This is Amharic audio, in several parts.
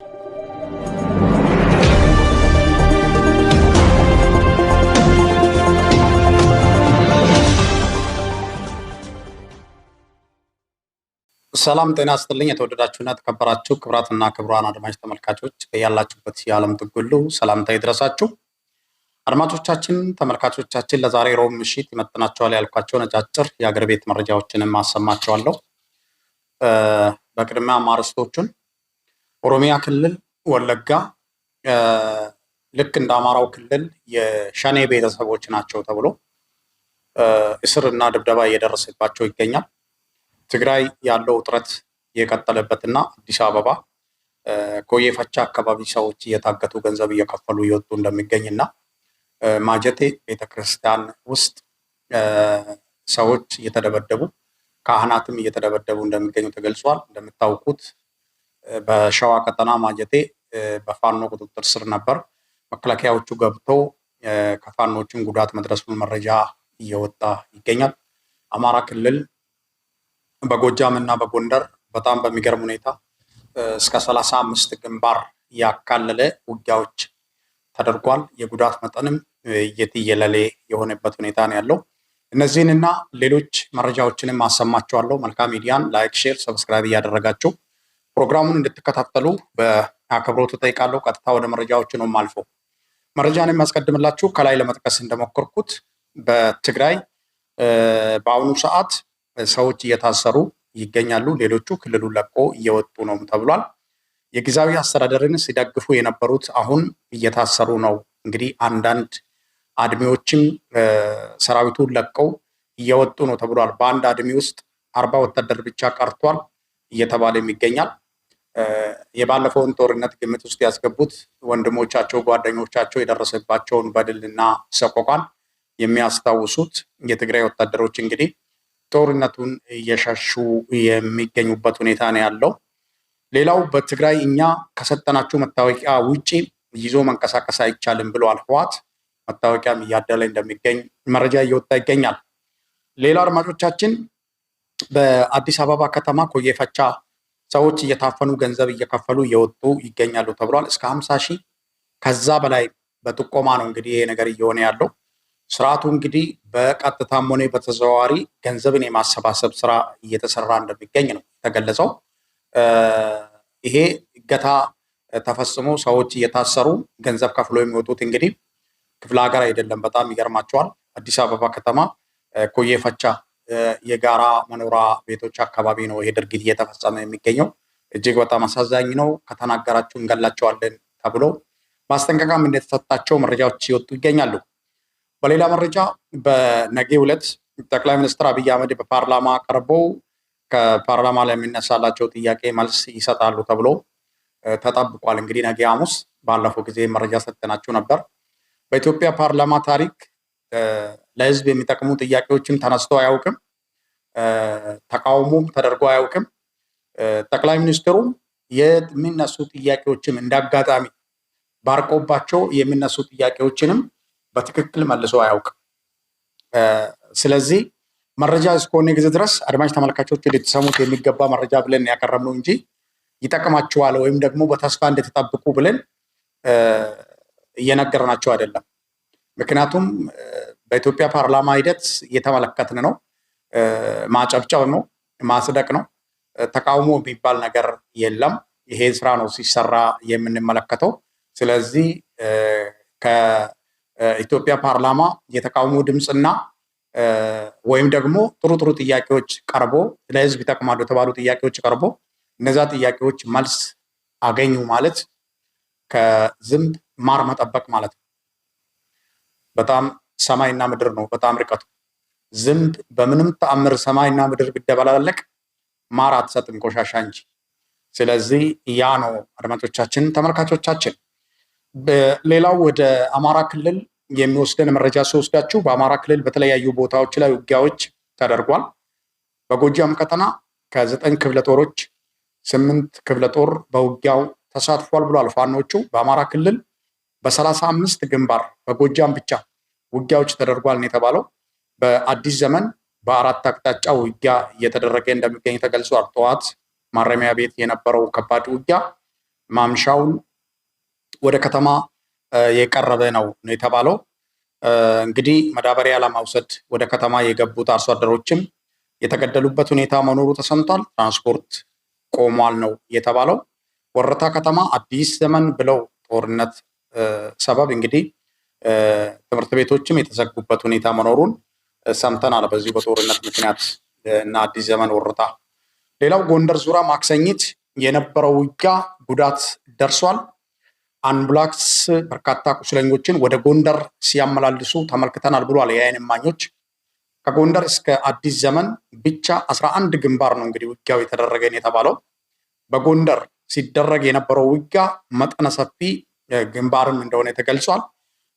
ሰላም ጤና ይስጥልኝ። የተወደዳችሁና የተከበራችሁ ክብራትና ክብሯን አድማጭ ተመልካቾች ያላችሁበት የዓለም ጥግ ሰላምታ ይድረሳችሁ። አድማጮቻችን፣ ተመልካቾቻችን ለዛሬ ሮብ ምሽት ይመጥናቸዋል ያልኳቸው ነጫጭር የአገር ቤት መረጃዎችንም አሰማቸዋለሁ። በቅድሚያ ማርስቶቹን ኦሮሚያ ክልል ወለጋ ልክ እንደ አማራው ክልል የሸኔ ቤተሰቦች ናቸው ተብሎ እስር እና ድብደባ እየደረሰባቸው ይገኛል። ትግራይ ያለው ውጥረት የቀጠለበት እና አዲስ አበባ ኮዬ ፈቻ አካባቢ ሰዎች እየታገቱ ገንዘብ እየከፈሉ እየወጡ እና ማጀቴ ቤተክርስቲያን ውስጥ ሰዎች እየተደበደቡ ካህናትም እየተደበደቡ እንደሚገኙ ተገልጿል። እንደምታውቁት በሸዋ ቀጠና ማጀቴ በፋኖ ቁጥጥር ስር ነበር። መከላከያዎቹ ገብተው ከፋኖችን ጉዳት መድረሱን መረጃ እየወጣ ይገኛል። አማራ ክልል በጎጃም እና በጎንደር በጣም በሚገርም ሁኔታ እስከ ሰላሳ አምስት ግንባር ያካለለ ውጊያዎች ተደርጓል። የጉዳት መጠንም የትየለሌ የሆነበት ሁኔታ ነው ያለው። እነዚህንና ሌሎች መረጃዎችንም አሰማችኋለሁ። መልካም ሚዲያን ላይክ፣ ሼር፣ ሰብስክራይብ እያደረጋችሁ ፕሮግራሙን እንድትከታተሉ በአክብሮት እጠይቃለሁ። ቀጥታ ወደ መረጃዎች ነው የማልፈው። መረጃን የሚያስቀድምላችሁ ከላይ ለመጥቀስ እንደሞከርኩት በትግራይ በአሁኑ ሰዓት ሰዎች እየታሰሩ ይገኛሉ። ሌሎቹ ክልሉን ለቆ እየወጡ ነው ተብሏል። የጊዜያዊ አስተዳደርን ሲደግፉ የነበሩት አሁን እየታሰሩ ነው። እንግዲህ አንዳንድ አድሚዎችም ሰራዊቱን ለቀው እየወጡ ነው ተብሏል። በአንድ አድሚ ውስጥ አርባ ወታደር ብቻ ቀርቷል እየተባለ ይገኛል። የባለፈውን ጦርነት ግምት ውስጥ ያስገቡት ወንድሞቻቸው፣ ጓደኞቻቸው የደረሰባቸውን በድልና ሰቆቋን የሚያስታውሱት የትግራይ ወታደሮች እንግዲህ ጦርነቱን እየሸሹ የሚገኙበት ሁኔታ ነው ያለው። ሌላው በትግራይ እኛ ከሰጠናችሁ መታወቂያ ውጪ ይዞ መንቀሳቀስ አይቻልም ብሏል ህወሓት። መታወቂያም እያደለ እንደሚገኝ መረጃ እየወጣ ይገኛል። ሌላው አድማጮቻችን በአዲስ አበባ ከተማ ኮየፈቻ። ሰዎች እየታፈኑ ገንዘብ እየከፈሉ እየወጡ ይገኛሉ ተብሏል። እስከ ሀምሳ ሺህ ከዛ በላይ በጥቆማ ነው እንግዲህ ይሄ ነገር እየሆነ ያለው። ስርዓቱ እንግዲህ በቀጥታም ሆነ በተዘዋዋሪ ገንዘብን የማሰባሰብ ስራ እየተሰራ እንደሚገኝ ነው የተገለጸው። ይሄ እገታ ተፈጽሞ ሰዎች እየታሰሩ ገንዘብ ከፍሎ የሚወጡት እንግዲህ ክፍለ ሀገር አይደለም። በጣም ይገርማቸዋል። አዲስ አበባ ከተማ ኮዬ ፈቻ የጋራ መኖሪያ ቤቶች አካባቢ ነው ይሄ ድርጊት እየተፈጸመ የሚገኘው። እጅግ በጣም አሳዛኝ ነው። ከተናገራችሁ እንገላቸዋለን ተብሎ ማስጠንቀቂያም እንደተሰጣቸው መረጃዎች ሲወጡ ይገኛሉ። በሌላ መረጃ በነገው ዕለት ጠቅላይ ሚኒስትር አብይ አህመድ በፓርላማ ቀርበው ከፓርላማ ላይ የሚነሳላቸው ጥያቄ መልስ ይሰጣሉ ተብሎ ተጠብቋል። እንግዲህ ነገ ሐሙስ፣ ባለፈው ጊዜ መረጃ ሰጥናችሁ ነበር። በኢትዮጵያ ፓርላማ ታሪክ ለህዝብ የሚጠቅሙ ጥያቄዎችም ተነስቶ አያውቅም። ተቃውሞም ተደርጎ አያውቅም። ጠቅላይ ሚኒስትሩም የሚነሱ ጥያቄዎችም እንዳጋጣሚ ባርቆባቸው የሚነሱ ጥያቄዎችንም በትክክል መልሶ አያውቅም። ስለዚህ መረጃ እስከሆነ ጊዜ ድረስ አድማጭ ተመልካቾች ልትሰሙት የሚገባ መረጃ ብለን ያቀረብነው እንጂ ይጠቅማችኋል ወይም ደግሞ በተስፋ እንድትጠብቁ ብለን እየነገርናቸው አይደለም። ምክንያቱም በኢትዮጵያ ፓርላማ ሂደት እየተመለከትን ነው። ማጨብጨብ ነው፣ ማስደቅ ነው። ተቃውሞ የሚባል ነገር የለም። ይሄ ስራ ነው ሲሰራ የምንመለከተው። ስለዚህ ከኢትዮጵያ ፓርላማ የተቃውሞ ድምፅና ወይም ደግሞ ጥሩ ጥሩ ጥያቄዎች ቀርቦ ለህዝብ ይጠቅማሉ የተባሉ ጥያቄዎች ቀርቦ እነዛ ጥያቄዎች መልስ አገኙ ማለት ከዝንብ ማር መጠበቅ ማለት ነው። በጣም ሰማይና ምድር ነው፣ በጣም ርቀቱ። ዝንብ በምንም ተአምር ሰማይና ምድር ቢደበላለቅ ማር አትሰጥም ቆሻሻ እንጂ። ስለዚህ ያ ነው አድማጮቻችን፣ ተመልካቾቻችን። ሌላው ወደ አማራ ክልል የሚወስደን መረጃ ሲወስዳችሁ በአማራ ክልል በተለያዩ ቦታዎች ላይ ውጊያዎች ተደርጓል። በጎጃም ቀጠና ከዘጠኝ ክፍለ ጦሮች ስምንት ክፍለ ጦር በውጊያው ተሳትፏል ብሏል ፋኖቹ። በአማራ ክልል በሰላሳ አምስት ግንባር በጎጃም ብቻ ውጊያዎች ተደርጓል ነው የተባለው። በአዲስ ዘመን በአራት አቅጣጫ ውጊያ እየተደረገ እንደሚገኝ ተገልጿል። ጠዋት ማረሚያ ቤት የነበረው ከባድ ውጊያ ማምሻውን ወደ ከተማ የቀረበ ነው ነው የተባለው። እንግዲህ መዳበሪያ ለማውሰድ ወደ ከተማ የገቡት አርሶ አደሮችም የተገደሉበት ሁኔታ መኖሩ ተሰምቷል። ትራንስፖርት ቆሟል ነው የተባለው። ወረታ ከተማ አዲስ ዘመን ብለው ጦርነት ሰበብ እንግዲህ ትምህርት ቤቶችም የተዘጉበት ሁኔታ መኖሩን ሰምተናል። በዚሁ በጦርነት ምክንያት እና አዲስ ዘመን ወርታ ሌላው ጎንደር ዙሪያ ማክሰኝት የነበረው ውጊያ ጉዳት ደርሷል። አምቡላንስ በርካታ ቁስለኞችን ወደ ጎንደር ሲያመላልሱ ተመልክተናል ብሏል የዓይን እማኞች። ከጎንደር እስከ አዲስ ዘመን ብቻ አስራ አንድ ግንባር ነው እንግዲህ ውጊያው የተደረገን የተባለው። በጎንደር ሲደረግ የነበረው ውጊያ መጠነ ሰፊ ግንባርም እንደሆነ ተገልጿል።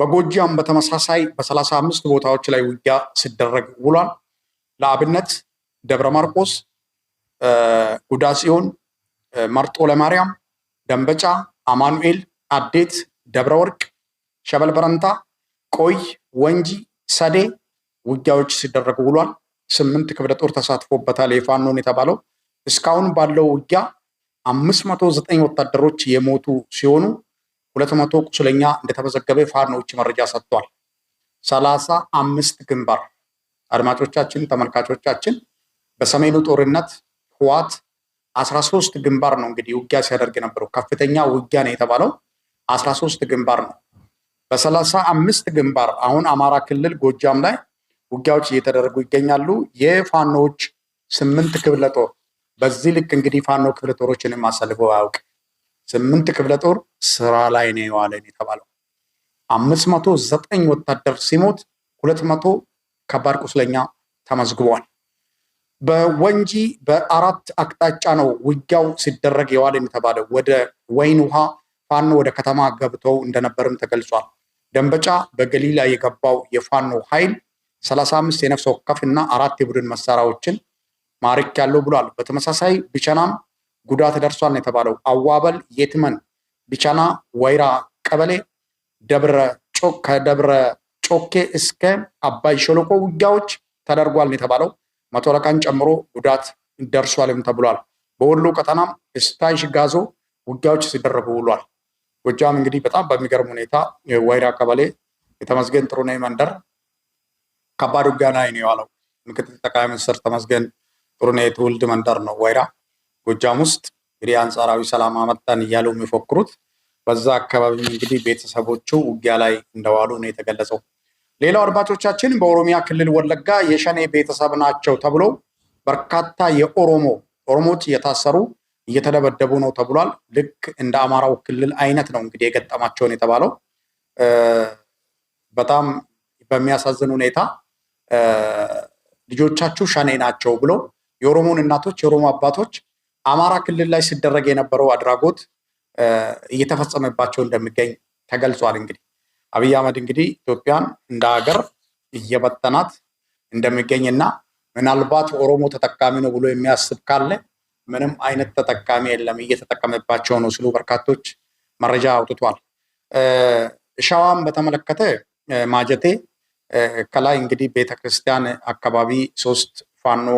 በጎጃም በተመሳሳይ በሰላሳ አምስት ቦታዎች ላይ ውጊያ ሲደረግ ውሏል። ለአብነት ደብረ ማርቆስ፣ ጉዳ ጽዮን፣ መርጦ ለማርያም፣ ደንበጫ፣ አማኑኤል፣ አዴት፣ ደብረ ወርቅ፣ ሸበል በረንታ፣ ቆይ፣ ወንጂ፣ ሰዴ ውጊያዎች ሲደረጉ ውሏል። ስምንት ክፍለ ጦር ተሳትፎበታል። የፋኖን የተባለው እስካሁን ባለው ውጊያ አምስት መቶ ዘጠኝ ወታደሮች የሞቱ ሲሆኑ ሁለት መቶ ቁስለኛ እንደተመዘገበ የፋኖዎች መረጃ ሰጥቷል። ሰላሳ አምስት ግንባር አድማጮቻችን፣ ተመልካቾቻችን በሰሜኑ ጦርነት ህዋት አስራ ሶስት ግንባር ነው እንግዲህ ውጊያ ሲያደርግ የነበረው ከፍተኛ ውጊያ ነው የተባለው አስራ ሶስት ግንባር ነው። በሰላሳ አምስት ግንባር አሁን አማራ ክልል ጎጃም ላይ ውጊያዎች እየተደረጉ ይገኛሉ። የፋኖዎች ስምንት ክፍለ ጦር በዚህ ልክ እንግዲህ ፋኖ ክፍለ ጦሮችንም አሰልፈው አያውቅ ስምንት ክፍለ ጦር ስራ ላይ ነው የዋለን የተባለው አምስት መቶ ዘጠኝ ወታደር ሲሞት ሁለት መቶ ከባድ ቁስለኛ ተመዝግቧል። በወንጂ በአራት አቅጣጫ ነው ውጊያው ሲደረግ የዋለን የተባለው ወደ ወይን ውሃ ፋኖ ወደ ከተማ ገብተው እንደነበርም ተገልጿል። ደንበጫ በገሊላ የገባው የፋኖ ኃይል አምስት የነፍስ ወከፍ እና አራት የቡድን መሳሪያዎችን ማረክ ያለው ብሏል። በተመሳሳይ ብቸናም ጉዳት ደርሷል ነው የተባለው። አዋበል፣ የትመን፣ ቢቻና፣ ወይራ ቀበሌ ደብረ ከደብረ ጮኬ እስከ አባይ ሸለቆ ውጊያዎች ተደርጓል ነው የተባለው። መቶ አለቃን ጨምሮ ጉዳት ደርሷልም ተብሏል። በወሎ ቀጠናም እስታይሽ ጋዞ ውጊያዎች ሲደረጉ ውሏል። ጎጃም እንግዲህ በጣም በሚገርም ሁኔታ ወይራ ቀበሌ የተመስገን ጥሩነህ መንደር ከባድ ውጊያ ላይ ነው የዋለው። ምክትል ጠቅላይ ሚኒስትር ተመስገን ጥሩነህ የትውልድ መንደር ነው ወይራ ጎጃም ውስጥ እንግዲህ አንጻራዊ ሰላም አመጣን እያሉ የሚፎክሩት በዛ አካባቢ እንግዲህ ቤተሰቦቹ ውጊያ ላይ እንደዋሉ ነው የተገለጸው። ሌላው አድማጮቻችን በኦሮሚያ ክልል ወለጋ የሸኔ ቤተሰብ ናቸው ተብሎ በርካታ የኦሮሞ ኦሮሞዎች እየታሰሩ እየተደበደቡ ነው ተብሏል። ልክ እንደ አማራው ክልል አይነት ነው እንግዲህ የገጠማቸውን የተባለው በጣም በሚያሳዝን ሁኔታ ልጆቻችሁ ሸኔ ናቸው ብሎ የኦሮሞን እናቶች የኦሮሞ አባቶች አማራ ክልል ላይ ሲደረግ የነበረው አድራጎት እየተፈጸመባቸው እንደሚገኝ ተገልጿል። እንግዲህ አብይ አህመድ እንግዲህ ኢትዮጵያን እንደ ሀገር እየበጠናት እንደሚገኝ እና ምናልባት ኦሮሞ ተጠቃሚ ነው ብሎ የሚያስብ ካለ ምንም አይነት ተጠቃሚ የለም፣ እየተጠቀመባቸው ነው ሲሉ በርካቶች መረጃ አውጥቷል። ሸዋም በተመለከተ ማጀቴ ከላይ እንግዲህ ቤተክርስቲያን አካባቢ ሶስት ፋኖ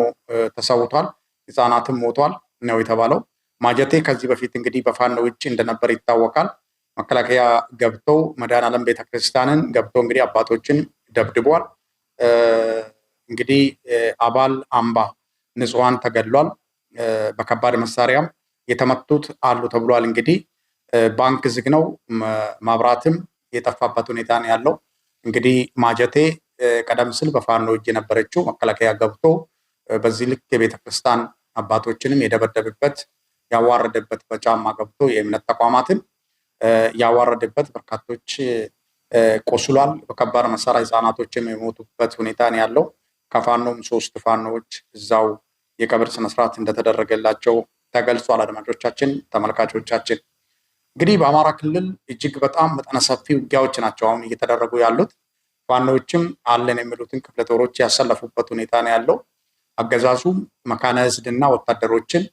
ተሰውቷል፣ ህፃናትም ሞቷል። ነው የተባለው። ማጀቴ ከዚህ በፊት እንግዲህ በፋኖ ውጭ እንደነበር ይታወቃል። መከላከያ ገብቶ መድኃኔ ቤተክርስቲያንን ገብቶ እንግዲህ አባቶችን ደብድቧል። እንግዲህ አባል አምባ ንጹሐን ተገድሏል። በከባድ መሳሪያም የተመቱት አሉ ተብሏል። እንግዲህ ባንክ ዝግ ነው፣ መብራትም የጠፋበት ሁኔታ ነው ያለው። እንግዲህ ማጀቴ ቀደም ሲል በፋኖ እጅ የነበረችው መከላከያ ገብቶ በዚህ ልክ የቤተክርስቲያን አባቶችንም የደበደብበት ያዋረደበት፣ በጫማ ገብቶ የእምነት ተቋማትን ያዋረደበት፣ በርካቶች ቆስሏል። በከባድ መሳሪያ ህጻናቶችም የሞቱበት ሁኔታ ነው ያለው። ከፋኖም ሶስት ፋኖዎች እዛው የቀብር ስነስርዓት እንደተደረገላቸው ተገልጿል። አድማጮቻችን፣ ተመልካቾቻችን እንግዲህ በአማራ ክልል እጅግ በጣም መጠነ ሰፊ ውጊያዎች ናቸው አሁን እየተደረጉ ያሉት። ፋኖዎችም አለን የሚሉትን ክፍለ ጦሮች ያሰለፉበት ሁኔታ ነው ያለው። አገዛዙ መካነ እና ወታደሮችን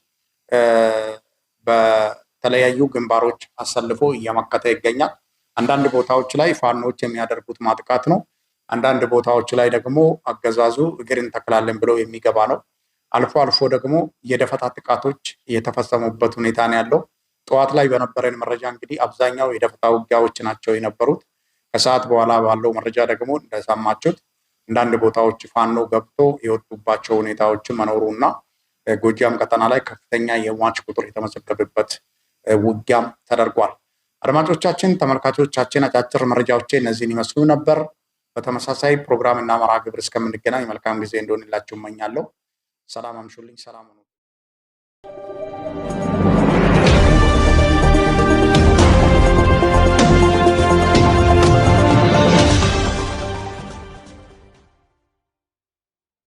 በተለያዩ ግንባሮች አሰልፎ እየመከተ ይገኛል። አንዳንድ ቦታዎች ላይ ፋኖች የሚያደርጉት ማጥቃት ነው። አንዳንድ ቦታዎች ላይ ደግሞ አገዛዙ እግር እንተክላለን ብለው የሚገባ ነው። አልፎ አልፎ ደግሞ የደፈጣ ጥቃቶች የተፈጸሙበት ሁኔታ ነው ያለው። ጠዋት ላይ በነበረን መረጃ እንግዲህ አብዛኛው የደፈጣ ውጊያዎች ናቸው የነበሩት። ከሰዓት በኋላ ባለው መረጃ ደግሞ እንደሰማችሁት አንዳንድ ቦታዎች ፋኖ ገብቶ የወጡባቸው ሁኔታዎችን መኖሩ እና ጎጃም ቀጠና ላይ ከፍተኛ የሟች ቁጥር የተመዘገበበት ውጊያም ተደርጓል። አድማጮቻችን፣ ተመልካቾቻችን አጫጭር መረጃዎች እነዚህን ይመስሉ ነበር። በተመሳሳይ ፕሮግራም እና መርሃ ግብር እስከምንገናኝ መልካም ጊዜ እንደሆንላችሁ እመኛለሁ። ሰላም አምሹልኝ። ሰላም